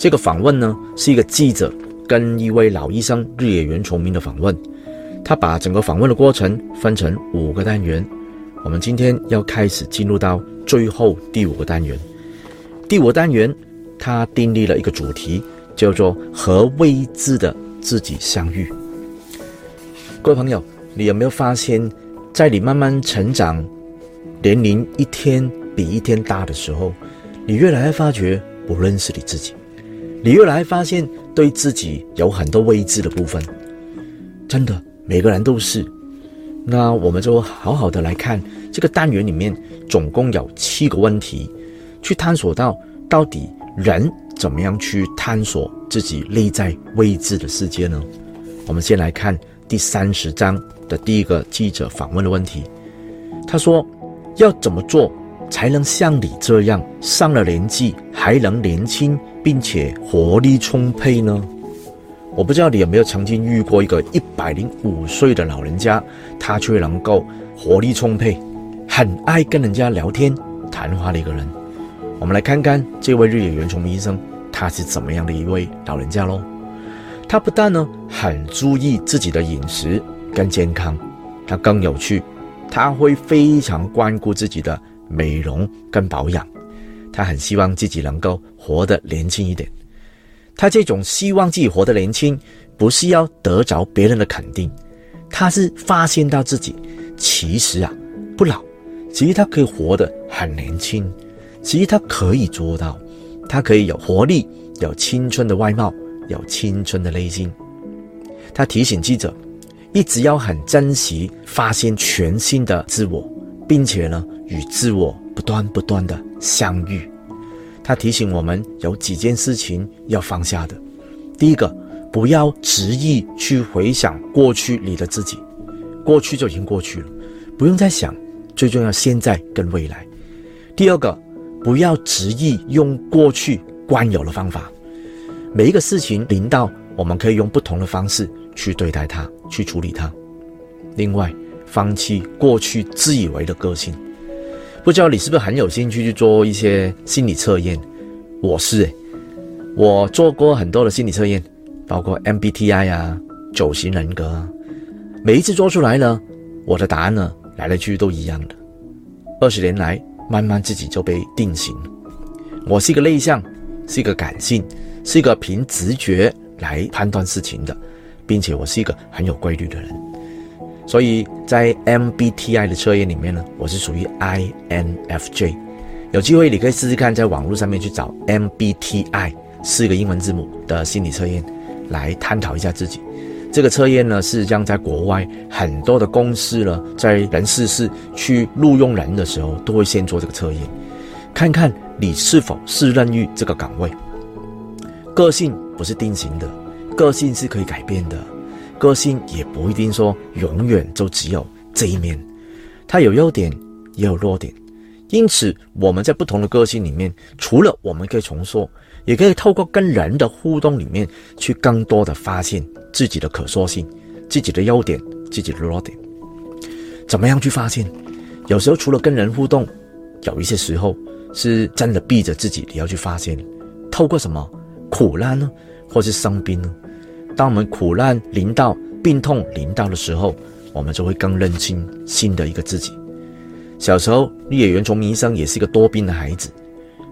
這個訪問呢，是一個記者跟一位老醫生日野原重明的訪問。他把整個訪問的過程分成五個單元。我們今天要開始進入到最後第五個單元。第五個單元，他訂立了一個主題，叫做“和未知的自己相遇”。各位朋友，你有沒有發現，在你慢慢成長、年齡一天比一天大的時候，你越來越發覺不認識你自己？你又來發現，對自己有很多未知的部分，真的，每個人都是。那我們就好好的來看這個單元裡面總共有七個問題，去探索到到底人怎麼樣去探索自己內在未知的世界呢？我們先來看第三十章的第一個記者訪問的問題，他說：“要怎麼做才能像你這樣上了年紀？”還能年輕並且活力充沛呢？我不知道你有沒有曾經遇過一個一百零五歲的老人家，他卻能夠活力充沛，很愛跟人家聊天談話的一個人。我們來看看這位日野原重醫生，他是怎麼樣的一位老人家嘍。他不但呢很注意自己的飲食跟健康，他更有趣，他會非常關顧自己的美容跟保養。他很希望自己能夠活得年輕一點。他這種希望自己活得年輕，不是要得着別人的肯定，他是發現到自己，其實啊不老，其實他可以活得很年輕，其實他可以做到，他可以有活力，有青春的外貌，有青春的內心。他提醒記者，一直要很珍惜，發現全新的自我，並且呢，與自我。不斷不斷的相遇，他提醒我們有幾件事情要放下的。第一個，不要執意去回想過去你的自己，過去就已經過去了，不用再想。最重要，現在跟未來。第二個，不要執意用過去慣有的方法。每一個事情臨到，我們可以用不同的方式去對待它，去處理它。另外，放棄過去自以為的個性。不知道你是不是很有興趣去做一些心理測驗？我是，欸，我做過很多的心理測驗，包括 MBTI 啊、九型人格。每一次做出來呢，我的答案呢，來來去去都一樣的。二十年來，慢慢自己就被定型。我是一個內向，是一個感性，是一個憑直覺來判斷事情的，並且我是一個很有規律的人。所以在 MBTI 的測驗裡面呢，我是屬於 INFJ。有機會你可以試試看，在網絡上面去找 MBTI 四個英文字母的心理測驗，來探討一下自己。這個測驗呢，是將在國外很多的公司呢，在人事室去錄用人的時候，都會先做這個測驗，看看你是否適任於這個崗位。個性不是定型的，個性是可以改變的。個性也不一定說永遠就只有這一面，他有優點，也有弱點。因此，我們在不同的個性裡面，除了我們可以重塑，也可以透過跟人的互動裡面，去更多的發現自己的可塑性、自己的優點、自己的弱點。怎麼樣去發現？有時候除了跟人互動，有一些時候是真的逼着自己你要去發現。透過什麼苦難呢，或是生病呢？當我們苦難臨到、病痛臨到的時候，我們就會更認清新的一個自己。小時候，日野原重明醫生也是一個多病的孩子。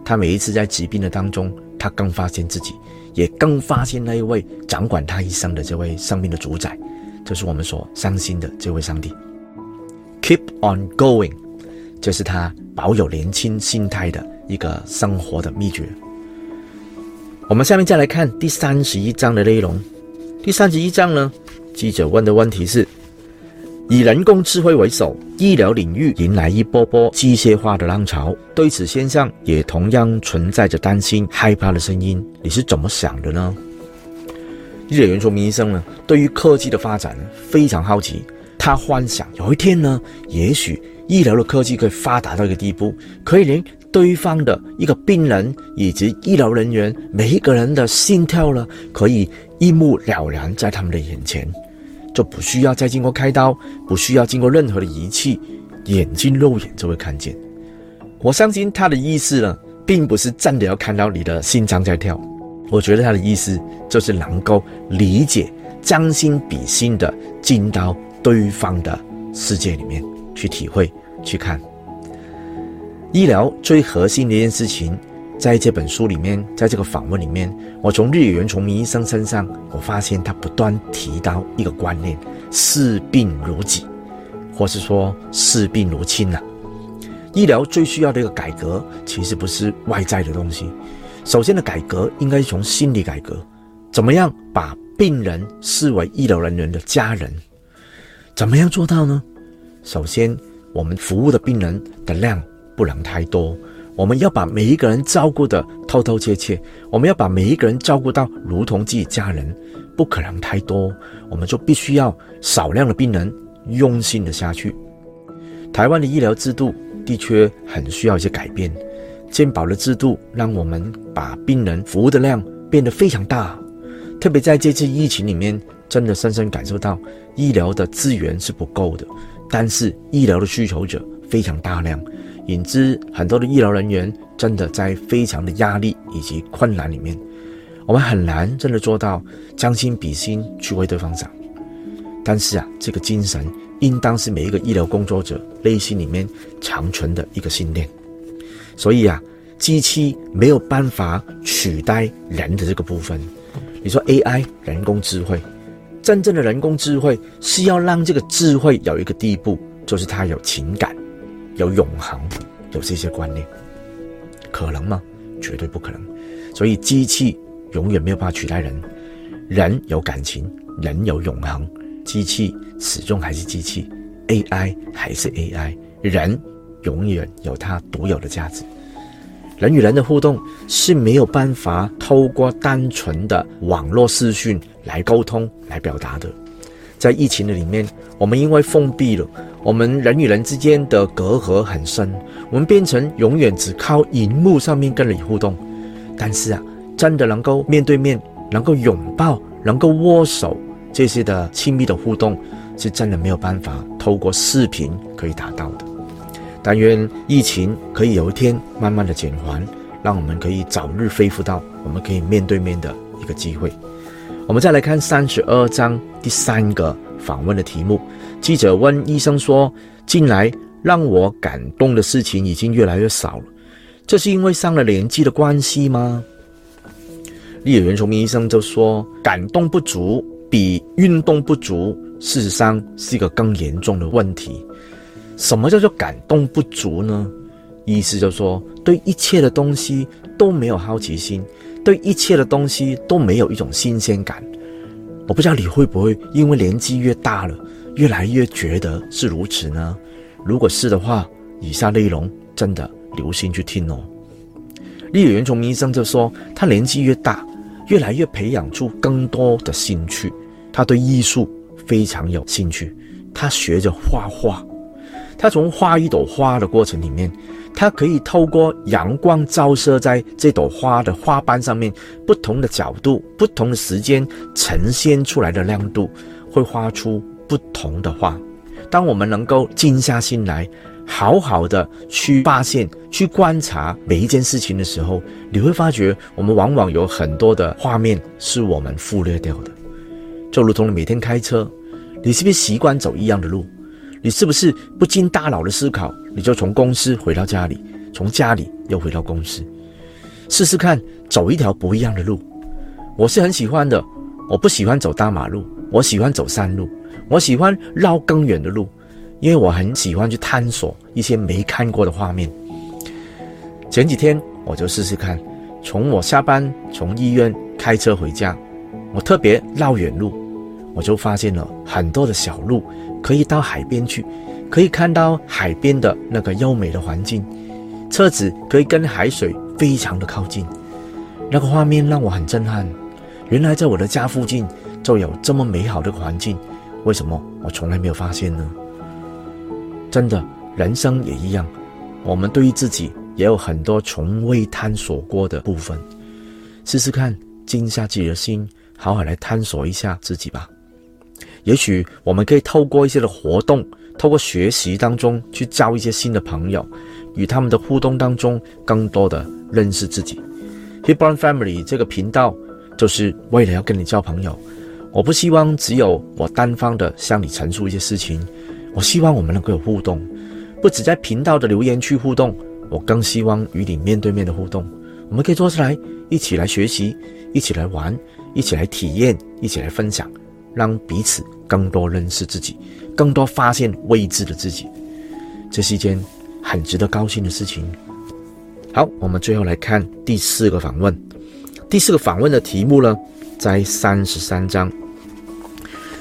他每一次在疾病的當中，他更發現自己，也更發現那一位掌管他一生的這位生命的主宰，就是我們所相信的這位上帝。Keep on going，這是他保有年輕心態的一個生活的秘訣。我們下面再來看第三十一章的內容。第三十一章呢？記者問的問題是：以人工智慧為首，醫療領域迎來一波波機械化的浪潮，對此現象也同樣存在着擔心、害怕的聲音。你是怎麼想的呢？日野原重明醫生呢，對於科技的發展非常好奇，他幻想有一天呢，也許醫療的科技可以發達到一個地步，可以連對方的一個病人以及醫療人員每一個人的心跳呢，可以，一目了然，在他們的眼前，就不需要再經過開刀，不需要經過任何的儀器，眼睛肉眼就會看見。我相信他的意思呢，並不是真的要看到你的心臟在跳，我覺得他的意思就是能夠理解，將心比心的進到對方的世界裡面去體會、去看。醫療最核心的一件事情。在這本書裡面，在這個訪問裡面，我從日野原重明醫生身上，我發現他不斷提到一個觀念：視病如己，或是說視病如親吶、啊。醫療最需要的一個改革，其實不是外在的東西。首先的改革應該是從心理改革。怎麼樣把病人視為醫療人員的家人？怎麼樣做到呢？首先，我們服務的病人的量不能太多。我們要把每一個人照顧得透透切切，我們要把每一個人照顧到如同自己家人，不可能太多，我們就必須要少量的病人用心的下去。台灣的醫療制度的確很需要一些改變，健保的制度讓我們把病人服務的量變得非常大，特別在這次疫情裡面，真的深深感受到醫療的資源是不夠的，但是醫療的需求者非常大量。引致很多的醫療人員真的在非常的壓力以及困難裡面，我們很難真的做到將心比心去為對方想。但是啊，這個精神應當是每一個醫療工作者內心裡面長存的一個信念。所以啊，機器沒有辦法取代人的這個部分。你說 AI 人工智慧，真正的人工智慧是要讓這個智慧有一個地步，就是它有情感。有永恆，有這些觀念，可能嗎？絕對不可能。所以，機器永遠沒有辦法取代人。人有感情，人有永恆，機器始終還是機器，AI 還是 AI，人永遠有它獨有的價值。人與人的互動是沒有辦法透過單純的網絡視訊來溝通、來表達的。在疫情的裡面，我們因為封閉了，我們人與人之間的隔閡很深，我們變成永遠只靠熒幕上面跟你互動。但是啊，真的能夠面對面、能夠擁抱、能夠握手這些的親密的互動，是真的沒有辦法透過視頻可以達到的。但願疫情可以有一天慢慢的減緩，讓我們可以早日恢復到我們可以面對面的一個機會。我們再來看三十二章第三個訪問的題目。記者問醫生說：“近來讓我感動的事情已經越來越少了，這是因為上了年紀的關係嗎？”日野原重明醫生就說：“感動不足比運動不足，事實上是一個更嚴重的問題。什麼叫做感動不足呢？意思就說，對一切的東西都沒有好奇心。”對一切的東西都沒有一種新鮮感，我不知道你會不會因為年紀越大了，越來越覺得是如此呢？如果是的話，以下內容真的留心去聽哦。日野原重明醫生就說，他年紀越大，越來越培養出更多的興趣。他對藝術非常有興趣，他學着畫畫，他從畫一朵花的過程裡面。它可以透過陽光照射在這朵花的花瓣上面，不同的角度、不同的時間呈現出來的亮度，會畫出不同的畫。當我們能夠靜下心來，好好的去發現、去觀察每一件事情的時候，你會發覺我們往往有很多的畫面是我們忽略掉的。就如同你每天開車，你是不是習慣走一樣的路？你是不是不經大腦的思考，你就從公司回到家裡，從家裡又回到公司？試試看，走一條不一樣的路，我是很喜歡的。我不喜歡走大馬路，我喜歡走山路，我喜歡繞更遠的路，因為我很喜歡去探索一些沒看過的畫面。前幾天我就試試看，從我下班、從醫院開車回家，我特別繞遠路，我就發現了很多的小路。可以到海邊去，可以看到海邊的那個優美的環境，車子可以跟海水非常的靠近，那個畫面讓我很震撼。原來在我的家附近就有這麼美好的環境，為什麼我從來沒有發現呢？真的，人生也一樣，我們對於自己也有很多從未探索過的部分，試試看，靜下自己的心，好好來探索一下自己吧。也許我們可以透過一些的活動，透過學習當中去交一些新的朋友，與他們的互動當中，更多的認識自己。Hebron Family 這個頻道就是為了要跟你交朋友，我不希望只有我單方的向你陳述一些事情，我希望我們能夠有互動，不止在頻道的留言區互動，我更希望與你面對面的互動，我們可以坐下來，一起來學習，一起來玩，一起來體驗，一起來分享。讓彼此更多認識自己，更多發現未知的自己，這是一件很值得高興的事情。好，我們最後來看第四個訪問。第四個訪問的題目呢，在三十三章。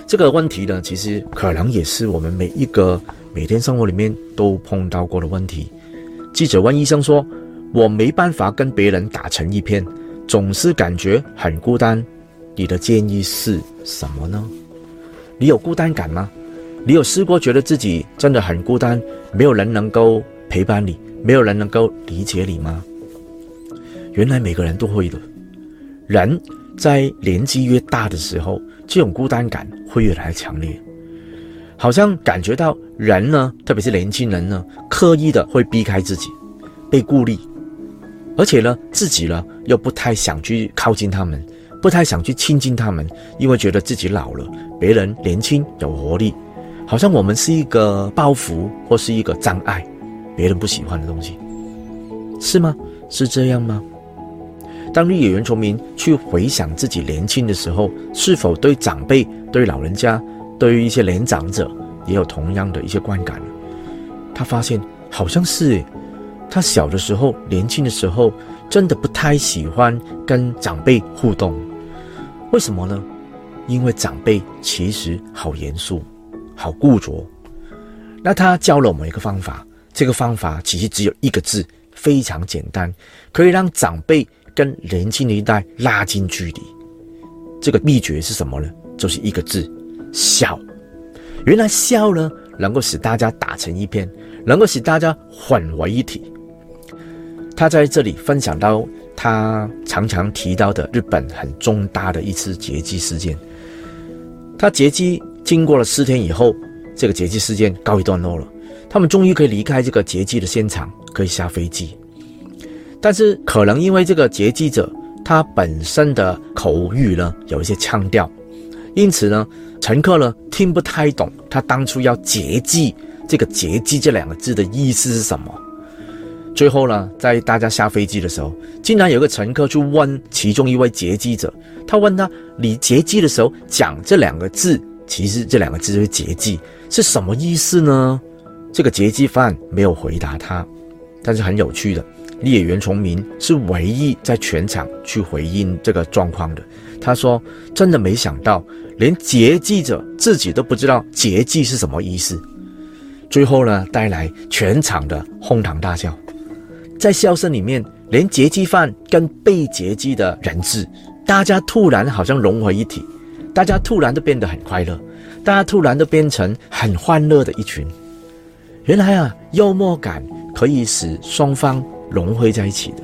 這個問題呢，其實可能也是我們每一個每天生活裡面都碰到過的問題。記者問醫生說：“我沒辦法跟別人打成一片，總是感覺很孤單。”你的建議是什麼呢？你有孤單感嗎？你有試過覺得自己真的很孤單，沒有人能夠陪伴你，沒有人能夠理解你嗎？原來每個人都會的。人在年紀越大的時候，這種孤單感會越來越強烈，好像感覺到人呢，特別是年輕人呢，刻意的會避開自己，被孤立，而且呢，自己呢又不太想去靠近他們。不太想去親近他們，因為覺得自己老了，別人年輕有活力，好像我們是一個包袱或是一個障礙，別人不喜歡的東西，是嗎？是這樣嗎？當日野原重明去回想自己年輕的時候，是否對長輩、對老人家、對於一些年長者也有同樣的一些觀感？他發現好像是，他小的時候、年輕的時候，真的不太喜歡跟長輩互動。為什麼呢？因為長輩其實好嚴肅、好固着。那他教了我們一個方法，這個方法其實只有一個字，非常簡單，可以讓長輩跟年輕的一代拉近距離。這個祕訣是什麼呢？就是一個字：笑。原來笑呢，能夠使大家打成一片，能夠使大家混為一體。他在這裡分享到。他常常提到的日本很重大的一次劫機事件，他劫機經過了四天以後，這個劫機事件告一段落了，他們終於可以離開這個劫機的現場，可以下飛機。但是可能因為這個劫機者他本身的口語呢有一些腔調，因此呢，乘客呢聽不太懂他當初要劫機這個劫機這兩個字的意思是什麼？最後呢，在大家下飛機的時候，竟然有個乘客去問其中一位劫機者，他問他：“你劫機的時候講這兩個字，其實這兩個字就是劫機，是什麼意思呢？”這個劫機犯沒有回答他，但是很有趣的，日野原重明是唯一在全場去回應這個狀況的。他說：“真的沒想到，連劫機者自己都不知道劫機是什麼意思。”最後呢，帶來全場的哄堂大笑。在笑聲裡面，連劫機犯跟被劫機的人質，大家突然好像融為一體，大家突然都變得很快樂，大家突然都變成很歡樂的一群。原來啊，幽默感可以使雙方融匯在一起的。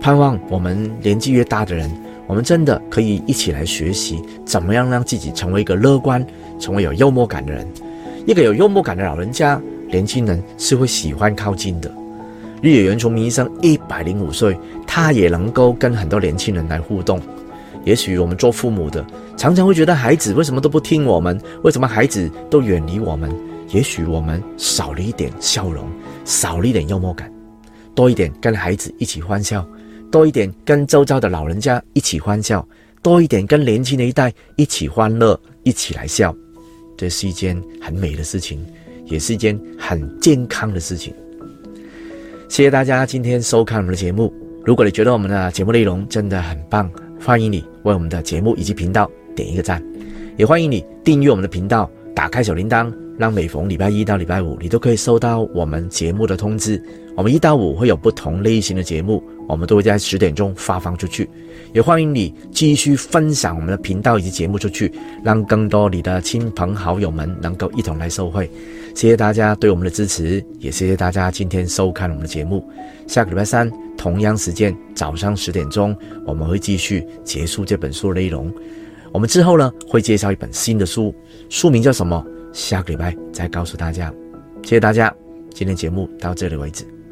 盼望我們年紀越大的人，我們真的可以一起來學習，怎麼樣讓自己成為一個樂觀、成為有幽默感的人。一個有幽默感的老人家，年輕人是會喜歡靠近的。日野原重明醫生一百零五歲，他也能夠跟很多年輕人來互動。也許我們做父母的，常常會覺得孩子為什麼都不聽我們？為什麼孩子都遠離我們？也許我們少了一點笑容，少了一點幽默感，多一點跟孩子一起歡笑，多一點跟周遭的老人家一起歡笑，多一點跟年輕的一代一起歡樂，一起來笑。這是一件很美的事情，也是一件很健康的事情。謝謝大家今天收看我們的節目。如果你覺得我們的節目內容真的很棒，歡迎你為我們的節目以及頻道點一個讚，也歡迎你訂閱我們的頻道，打開小鈴鐺。讓每逢禮拜一到禮拜五，你都可以收到我們節目的通知。我們一到五會有不同類型的節目，我們都會在十點鐘發放出去。也歡迎你繼續分享我們的頻道以及節目出去，讓更多你的親朋好友們能夠一同來受惠。謝謝大家對我們的支持，也謝謝大家今天收看我們的節目。下個禮拜三，同樣時間，早上十點鐘，我們會繼續結束這本書的內容。我們之後呢，會介紹一本新的書，書名叫什麼？下個禮拜再告訴大家，謝謝大家，今天節目到這裡為止。